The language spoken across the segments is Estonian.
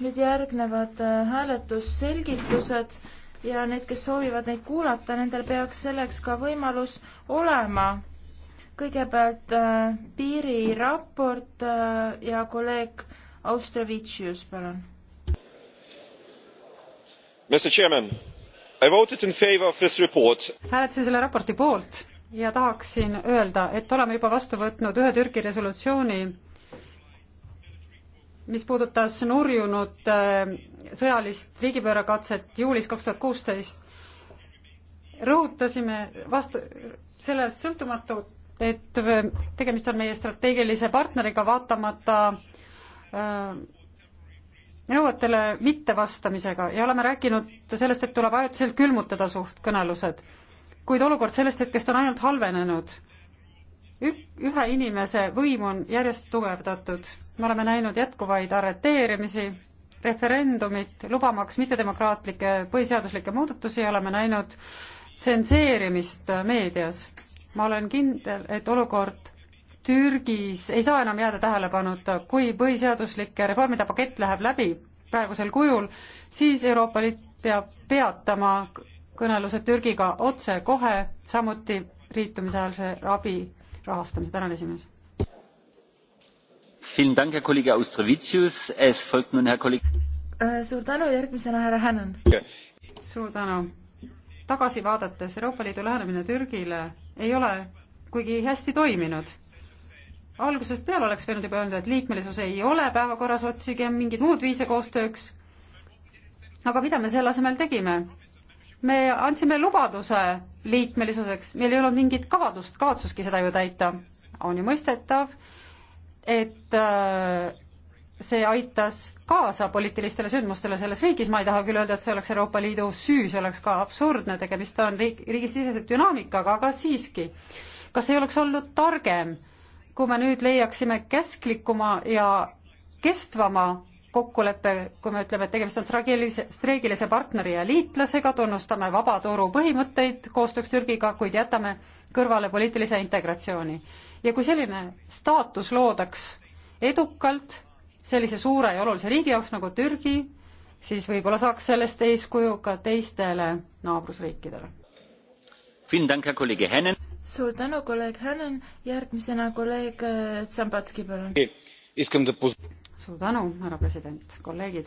nüüd järgnevad äh, hääletusselgitused ja need, kes soovivad neid kuulata, nendel peaks selleks ka võimalus olema. kõigepealt äh, piiriraport äh, ja kolleeg Austrovitšius, palun. Mr Chairman, I voted in favor of this report. hääletasin selle raporti poolt ja tahaksin öelda, et oleme juba vastu võtnud ühe Türgi resolutsiooni mis puudutas nurjunud äh, sõjalist riigipöörakatset juulis kaks tuhat kuusteist, rõhutasime vastu, sellest sõltumatu, et tegemist on meie strateegilise partneriga, vaatamata äh, nõuetele mittevastamisega ja oleme rääkinud sellest, et tuleb ajutiselt külmutada suhtkõnelused. kuid olukord sellest hetkest on ainult halvenenud ühe inimese võim on järjest tugevdatud. me oleme näinud jätkuvaid arreteerimisi, referendumit, lubamaks mittedemokraatlikke põhiseaduslikke muudatusi ja oleme näinud tsenseerimist meedias. ma olen kindel, et olukord Türgis ei saa enam jääda tähelepanuta, kui põhiseaduslike reformide pakett läheb läbi praegusel kujul, siis Euroopa Liit peab peatama kõnelused Türgiga otsekohe, samuti liitumisealse abi rahastamise. tänan, esimees. Äh, suur tänu, järgmisena härra Hännan. suur tänu. tagasi vaadates Euroopa Liidu lähenemine Türgile ei ole kuigi hästi toiminud algusest peale oleks võinud juba öelda, et liikmelisus ei ole päevakorras, otsigem mingeid muud viise koostööks. aga mida me selle asemel tegime? me andsime lubaduse liikmelisuseks, meil ei olnud mingit kavadust, kavatsuski seda ju täita. on ju mõistetav, et äh, see aitas kaasa poliitilistele sündmustele selles riigis, ma ei taha küll öelda, et see oleks Euroopa Liidu süü, see oleks ka absurdne, tegemist on riik, riigisisese dünaamikaga, aga siiski, kas ei oleks olnud targem, kui me nüüd leiaksime kesklikuma ja kestvama kokkulepe, kui me ütleme, et tegemist on tragilise, streegilise partneri ja liitlasega, tunnustame vaba turu põhimõtteid koostööks Türgiga, kuid jätame kõrvale poliitilise integratsiooni. ja kui selline staatus loodaks edukalt sellise suure ja olulise riigi jaoks nagu Türgi, siis võib-olla saaks sellest eeskuju ka teistele naabrusriikidele. suur tänu, kolleeg Hänen, järgmisena kolleeg äh, Zambatski, palun suur tänu, härra president, kolleegid.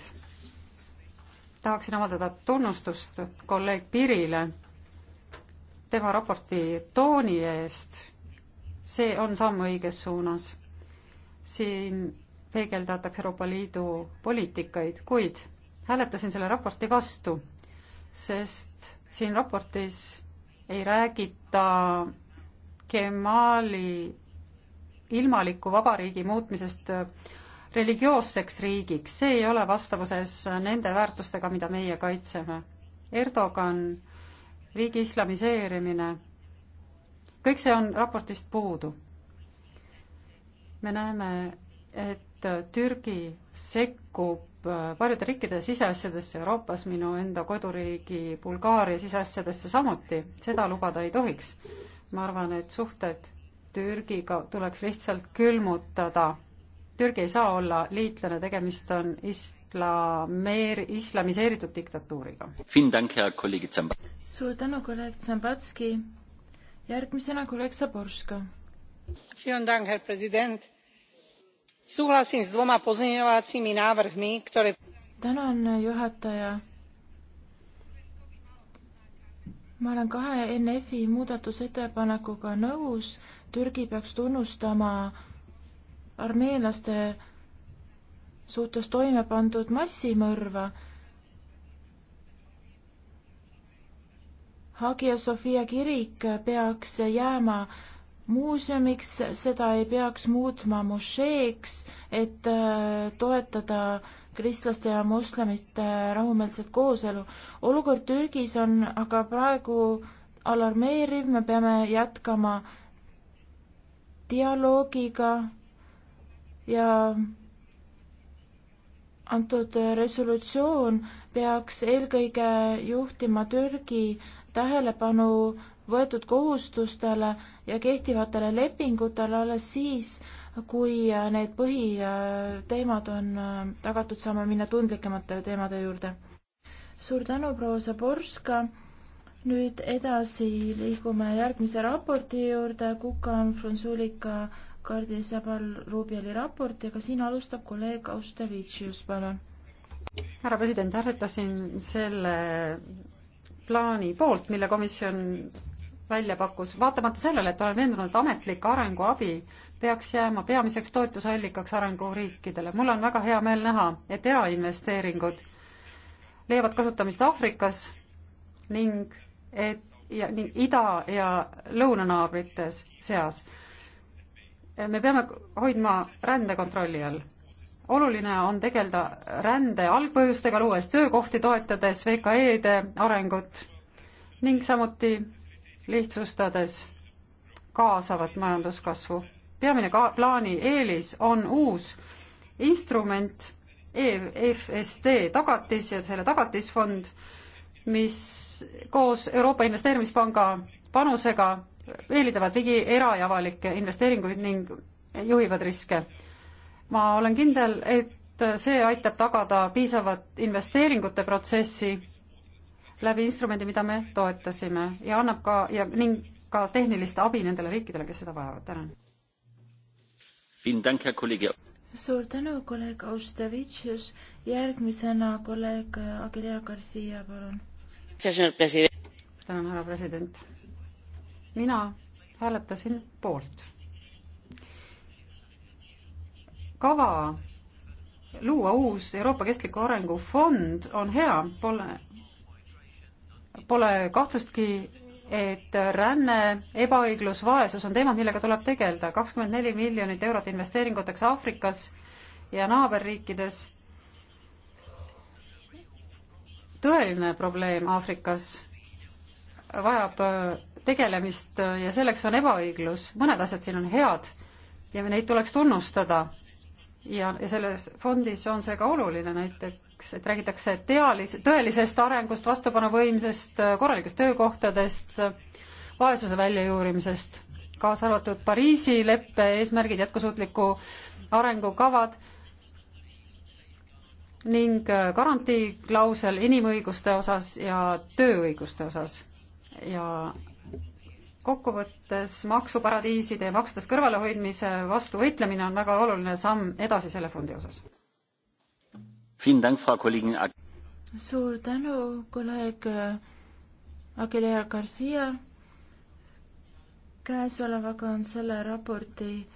tahaksin avaldada tunnustust kolleeg Pirile tema raporti tooni eest. see on samm õiges suunas. siin peegeldatakse Euroopa Liidu poliitikaid, kuid hääletasin selle raporti vastu, sest siin raportis ei räägita Kemali ilmaliku vabariigi muutmisest äh, religioosseks riigiks, see ei ole vastavuses äh, nende väärtustega, mida meie kaitseme. Erdogan, riigi islamiseerimine, kõik see on raportist puudu. me näeme, et äh, Türgi sekkub paljude riikide siseasjadesse Euroopas, minu enda koduriigi Bulgaaria siseasjadesse samuti, seda lubada ei tohiks. ma arvan, et suhted Türgiga tuleks lihtsalt külmutada. Türgi ei saa olla liitlane, tegemist on islameer-, islamiseeritud diktatuuriga. suur tänu, kolleeg Zambatski. järgmisena kolleeg Zaborska. súhlasím s dvoma pozmeňovacími návrhmi, ktoré... tänan, juhataja ma olen kahe NF-i muudatusettepanekuga nõus Türgi peaks tunnustama armeenlaste suhtes toime pandud massimõrva. Hagia Sofia kirik peaks jääma muuseumiks, seda ei peaks muutma mošeeks, et äh, toetada kristlaste ja moslemite rahumeelset kooselu. olukord Türgis on aga praegu alarmeeriv, me peame jätkama dialoogiga ja antud resolutsioon peaks eelkõige juhtima Türgi tähelepanu võetud kohustustele ja kehtivatele lepingutele alles siis, kui need põhiteemad on tagatud, saame minna tundlikemate teemade juurde. suur tänu, proua Zaborska nüüd edasi liigume järgmise raporti juurde, Kukan, Fransulika, Kardi Sabal, Rubiali raport ja ka siin alustab kolleeg Austavitšius, palun. härra president, hääletasin selle plaani poolt, mille komisjon välja pakkus, vaatamata sellele, et olen veendunud, et ametlik arenguabi peaks jääma peamiseks toetusallikaks arenguriikidele. mul on väga hea meel näha, et erainvesteeringud leiavad kasutamist Aafrikas ning et ja nii ida- ja lõunanaabrites seas. me peame hoidma rände kontrolli all. oluline on tegeleda rände algpõhjustega, luues töökohti, toetades VKE-de arengut ning samuti lihtsustades kaasavat majanduskasvu. peamine ka-, plaani eelis on uus instrument EFSD tagatis ja selle tagatisfond, mis koos Euroopa Investeerimispanga panusega eeldavad ligi era- ja avalikke investeeringuid ning juhivad riske. ma olen kindel, et see aitab tagada piisavat investeeringute protsessi läbi instrumendi, mida me toetasime ja annab ka ja ning ka tehnilist abi nendele riikidele, kes seda vajavad. tänan. suur tänu, kolleeg Austavitšus. järgmisena kolleeg Aguilera Garcia, palun tänan, härra president. mina hääletasin poolt. kava luua uus Euroopa Kestliku Arengu Fond on hea, pole, pole kahtlustki, et ränne, ebaõiglus, vaesus on teemad, millega tuleb tegeleda. kakskümmend neli miljonit eurot investeeringuteks Aafrikas ja naaberriikides tõeline probleem Aafrikas, vajab äh, tegelemist äh, ja selleks on ebaõiglus. mõned asjad siin on head ja neid tuleks tunnustada. ja, ja selles fondis on see ka oluline, näiteks, et räägitakse tealis-, tõelisest arengust, vastupanuvõimsest, äh, korralikest töökohtadest, vaesuse väljajuurimisest, kaasa arvatud Pariisi leppe eesmärgid, jätkusuutliku arengukavad ning äh, garantiiklausel inimõiguste osas ja tööõiguste osas ja kokkuvõttes maksuparadiiside ja maksudest kõrvalehoidmise vastu võitlemine on väga oluline samm edasi selle fondi osas. suur tänu, kolleeg äh, Aguilera Garcia. käesolevaga on selle raporti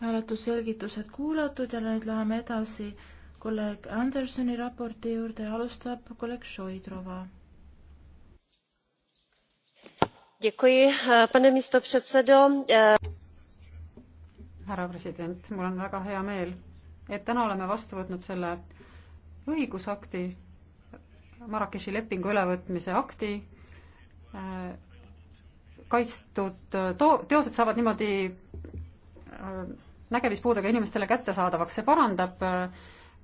hääletusselgitused kuulatud ja nüüd läheme edasi kolleeg Andersoni raporti juurde ja alustab kolleeg Šoidrova. härra president, mul on väga hea meel, et täna oleme vastu võtnud selle õigusakti, Marrakechi lepingu ülevõtmise akti äh,, kaitstud to-, teosed saavad niimoodi äh, nägemispuudega inimestele kättesaadavaks, see parandab äh,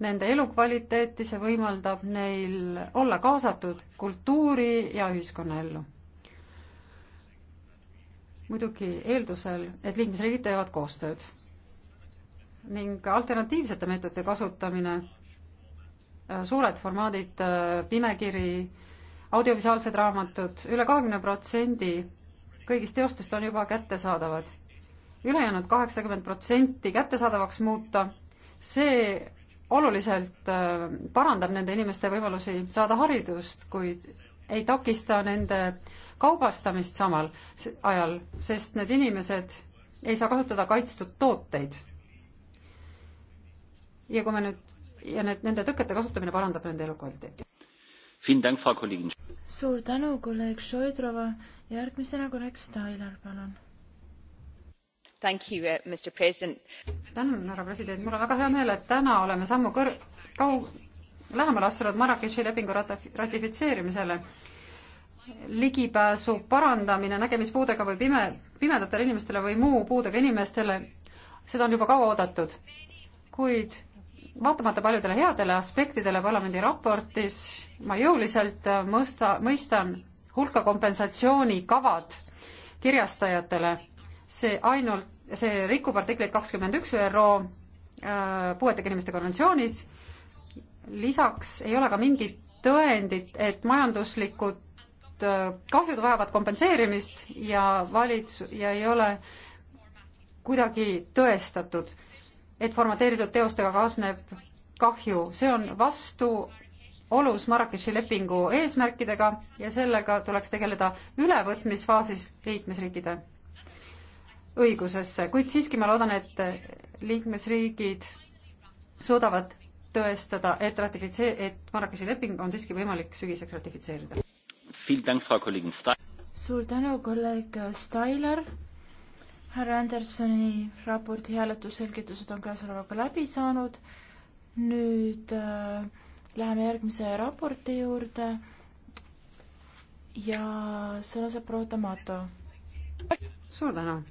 nende elukvaliteeti, see võimaldab neil olla kaasatud kultuuri ja ühiskonnaellu. muidugi eeldusel, et liikmesriigid teevad koostööd ning alternatiivsete meetodite kasutamine, äh, suured formaadid, äh, pimekiri, audiovisuaalsed raamatud üle, üle kahekümne protsendi kõigist teostest on juba kättesaadavad ülejäänud kaheksakümmend protsenti kättesaadavaks muuta, see oluliselt äh, parandab nende inimeste võimalusi saada haridust, kuid ei takista nende kaubastamist samal ajal, sest need inimesed ei saa kasutada kaitstud tooteid. ja kui me nüüd ja need, nende tõkete kasutamine parandab nende elukvaliteeti. suur tänu, kolleeg Šoidrova. järgmisena kolleeg Stailer, palun Uh, tänan, härra president, mul on väga hea meel, et täna oleme sammu kõr-, kaug-, lähemale astunud Marrakechi lepingu rati-, ratifitseerimisele. ligipääsu parandamine nägemispuudega või pime, pimedatele inimestele või muu puudega inimestele, seda on juba kaua oodatud. kuid vaatamata paljudele headele aspektidele parlamendi raportis, ma jõuliselt äh, mõista, mõistan hulka kompensatsioonikavad kirjastajatele see ainult see rikub artikleid kakskümmend üks ÜRO äh, puuetega inimeste konventsioonis. lisaks ei ole ka mingit tõendit, et majanduslikud äh, kahjud vajavad kompenseerimist ja valits- ja ei ole kuidagi tõestatud, et formateeritud teostega kaasneb kahju, see on vastuolus Marrakechi lepingu eesmärkidega ja sellega tuleks tegeleda ülevõtmisfaasis liikmesriikide õigusesse, kuid siiski ma loodan, et liikmesriigid suudavad tõestada, et ratifitsee-, et Marrakechi leping on siiski võimalik sügiseks ratifitseerida. suur tänu, kolleeg Stailer. härra Andersoni raporti hääletusselgitused on käesolevaga läbi saanud. nüüd äh, läheme järgmise raporti juurde. ja sõna saab proua Tomato. suur tänu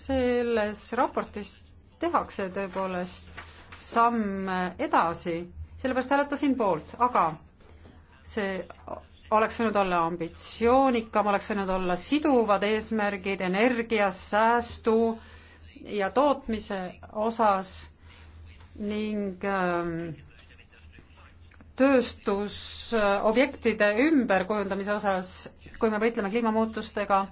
selles raportis tehakse tõepoolest samme edasi, sellepärast hääletasin poolt, aga see oleks võinud olla ambitsioonikam, oleks võinud olla siduvad eesmärgid energias, säästu ja tootmise osas ning ähm, tööstusobjektide ümberkujundamise osas, kui me võitleme kliimamuutustega äh,,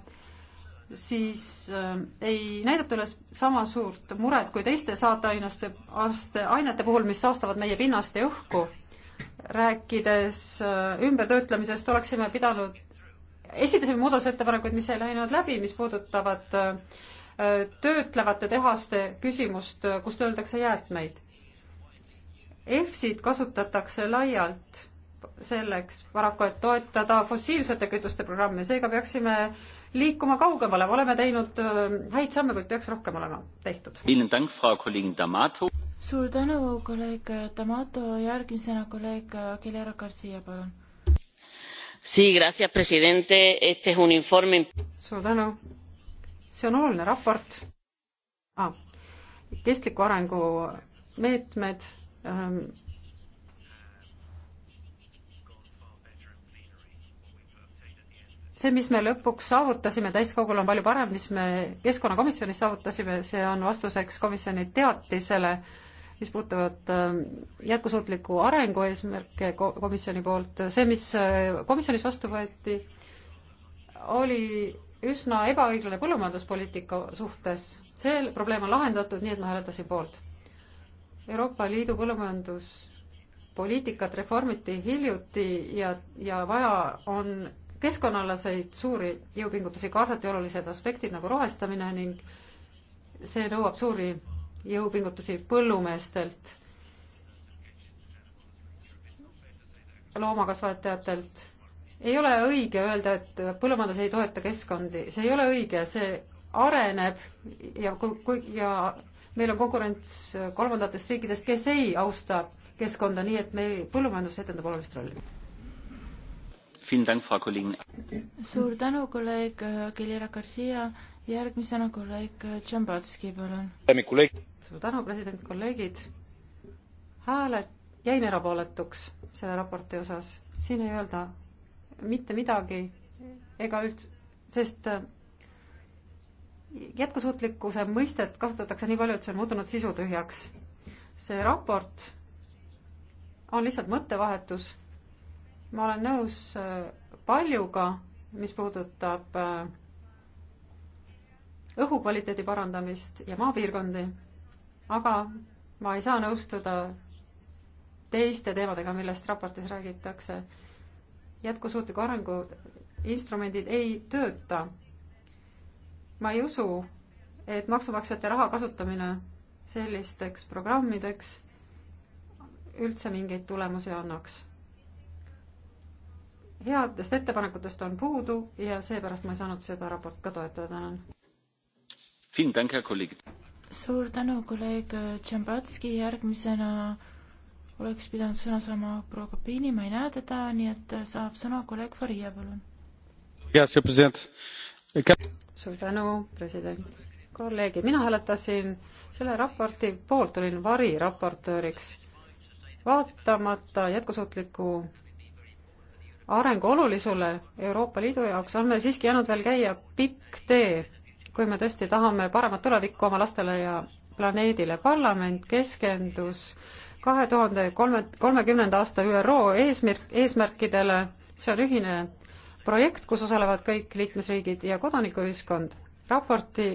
siis äh, ei näidata üles sama suurt muret kui teiste saateainaste, aste, ainete puhul, mis saastavad meie pinnast ja õhku. rääkides äh, ümbertöötlemisest, oleksime pidanud, esitasime muudatusettepanekuid, mis ei läinud läbi, mis puudutavad äh, töötlevate tehaste küsimust, kust öeldakse jäätmeid. EFSid kasutatakse laialt selleks paraku, et toetada fossiilsete kütuste programme, seega peaksime äh, liikuma kaugemale, oleme teinud äh, häid samme, kuid peaks rohkem olema tehtud. suur tänu, kolleeg D'Amato, järgmisena kolleeg Aguilera Garcia, palun. suur tänu, see on oluline raport ah,. kestliku arengu meetmed ähm, see, mis me lõpuks saavutasime täiskogul, on palju parem, mis me keskkonnakomisjonis saavutasime, see on vastuseks komisjoni teatisele, mis puudutavad äh, jätkusuutliku arengu eesmärke komisjoni poolt. see, mis äh, komisjonis vastu võeti, oli üsna ebaõiglane põllumajanduspoliitika suhtes. see probleem on lahendatud, nii et ma hääletasin poolt. Euroopa Liidu põllumajandus poliitikat reformiti hiljuti ja, ja vaja on keskkonnaalaseid suuri jõupingutusi kaasati olulised aspektid nagu rohestamine ning see nõuab suuri jõupingutusi põllumeestelt, loomakasvatajatelt. ei ole õige öelda, et põllumajandus ei toeta keskkondi, see ei ole õige, see areneb ja kui, ja meil on konkurents kolmandatest riikidest, kes ei austa keskkonda, nii et meil põllumajandus etendab olulist rolli suur tänu, kolleeg Kelira äh, Garcia, järgmisena kolleeg äh, Tšambatski, palun. suur tänu, president, kolleegid. hääled, jäin erapooletuks selle raporti osas, siin ei öelda mitte midagi ega üldse, sest äh, jätkusuutlikkuse mõistet kasutatakse nii palju, et see on muutunud sisutühjaks. see raport on lihtsalt mõttevahetus ma olen nõus äh, paljuga, mis puudutab äh, õhukvaliteedi parandamist ja maapiirkondi, aga ma ei saa nõustuda teiste teemadega, millest raportis räägitakse. jätkusuutliku arengu instrumendid ei tööta. ma ei usu, et maksumaksjate raha kasutamine sellisteks programmideks üldse mingeid tulemusi annaks headest ettepanekutest on puudu ja seepärast ma ei saanud seda raportit ka toetada, tänan. suur tänu, kolleeg Tšambatski, järgmisena oleks pidanud sõna saama proua Kapini, ma ei näe teda, nii et saab sõna kolleeg Faria, palun. suur tänu, president. kolleegid, mina hääletasin selle raporti poolt, olin variraportööriks. vaatamata jätkusuutliku arengu olulisule Euroopa Liidu jaoks on meil siiski jäänud veel käia pikk tee, kui me tõesti tahame paremat tulevikku oma lastele ja planeedile. parlament keskendus kahe tuhande kolme, kolmekümnenda aasta ÜRO eesmärk, eesmärkidele, see on ühine projekt, kus osalevad kõik liikmesriigid ja kodanikuühiskond. raporti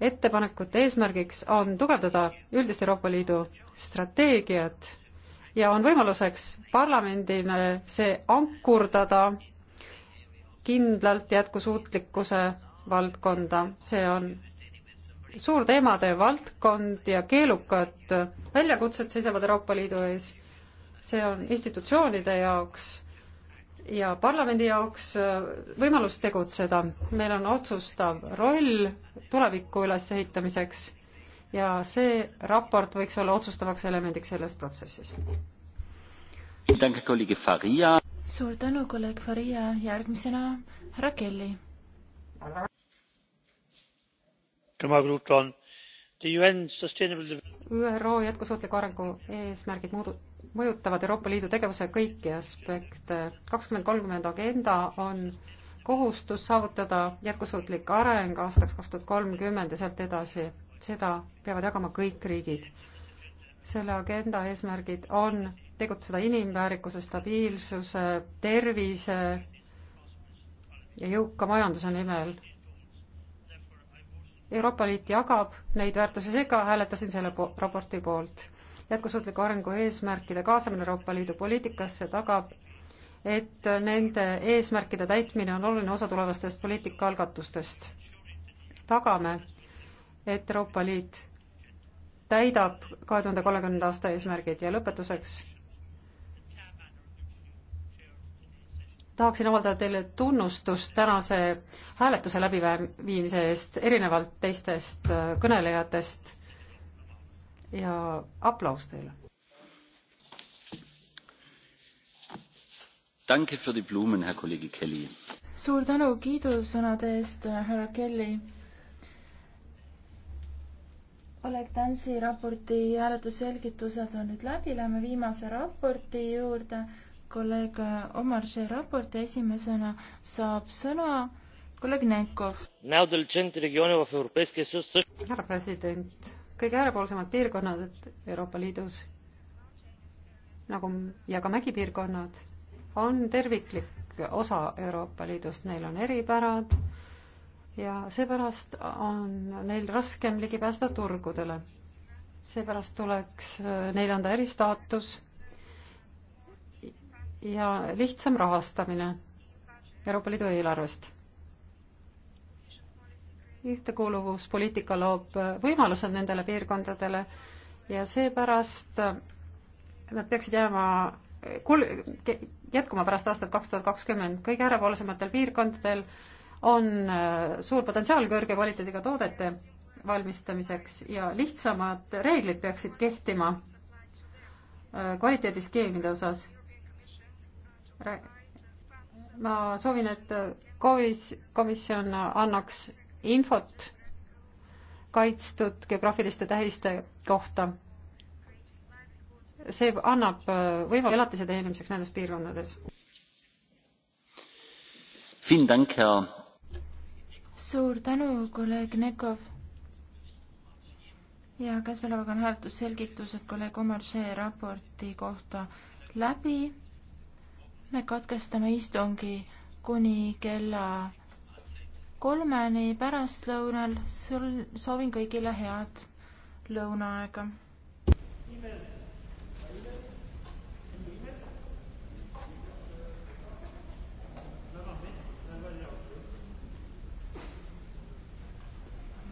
ettepanekute eesmärgiks on tugevdada üldist Euroopa Liidu strateegiat ja on võimaluseks parlamendile see ankurdada kindlalt jätkusuutlikkuse valdkonda, see on suur teemade valdkond ja keelukad väljakutsed seisavad Euroopa Liidu ees. see on institutsioonide jaoks ja parlamendi jaoks võimalus tegutseda. meil on otsustav roll tuleviku ülesehitamiseks ja see raport võiks olla otsustavaks elemendiks selles protsessis. suur tänu, kolleeg Faria, järgmisena härra Kelly. ÜRO jätkusuutliku arengu eesmärgid muudu-, mõjutavad Euroopa Liidu tegevuse kõiki aspekte. kakskümmend kolmkümmend agenda on kohustus saavutada jätkusuutlik areng aastaks kaks tuhat kolmkümmend ja sealt edasi seda peavad jagama kõik riigid. selle agenda eesmärgid on tegutseda inimväärikuse, stabiilsuse, tervise ja jõuka majanduse nimel. Euroopa Liit jagab neid väärtusi, seega hääletasin selle po raporti poolt. jätkusuutliku arengu eesmärkide kaasamine Euroopa Liidu poliitikasse tagab, et nende eesmärkide täitmine on oluline osa tulevastest poliitikaalgatustest. tagame et Euroopa Liit täidab kahe tuhande kolmekümnenda aasta eesmärgid ja lõpetuseks tahaksin avaldada teile tunnustust tänase hääletuse läbiviimise eest, erinevalt teistest äh, kõnelejatest ja aplaus teile. suur tänu kiidusõnade eest, äh, härra Kelly. Oleg Tänsi raporti hääletusselgitused on nüüd läbi, lähme viimase raporti juurde. kolleeg Omar Šer raporti esimesena saab sõna kolleeg Nenkov. härra president, kõige äärepoolsemad piirkonnad Euroopa Liidus nagu ja ka mägipiirkonnad on terviklik osa Euroopa Liidust, neil on eripärad ja seepärast on neil raskem ligi pääseda turgudele. seepärast tuleks äh, neile anda eristaatus ja lihtsam rahastamine Euroopa Liidu eelarvest. ühtekuuluvuspoliitika loob äh, võimalused nendele piirkondadele ja seepärast äh, nad peaksid jääma kol-, jätkuma pärast aastat kaks tuhat kakskümmend kõige äärevoolisematel piirkondadel on äh, suur potentsiaal kõrge kvaliteediga toodete valmistamiseks ja lihtsamad reeglid peaksid kehtima äh, kvaliteediskeemide osas. ma soovin, et kovis-, komisjon annaks infot kaitstud geograafiliste tähiste kohta see annab äh, võimaluse elatise teenimiseks nendes piirkondades suur tänu, kolleeg Nekov. ja käesolevaga on hääletusselgitused kolleeg Omar Šee raporti kohta läbi. me katkestame istungi kuni kella kolmeni pärastlõunal. soovin kõigile head lõunaaega. nimelt.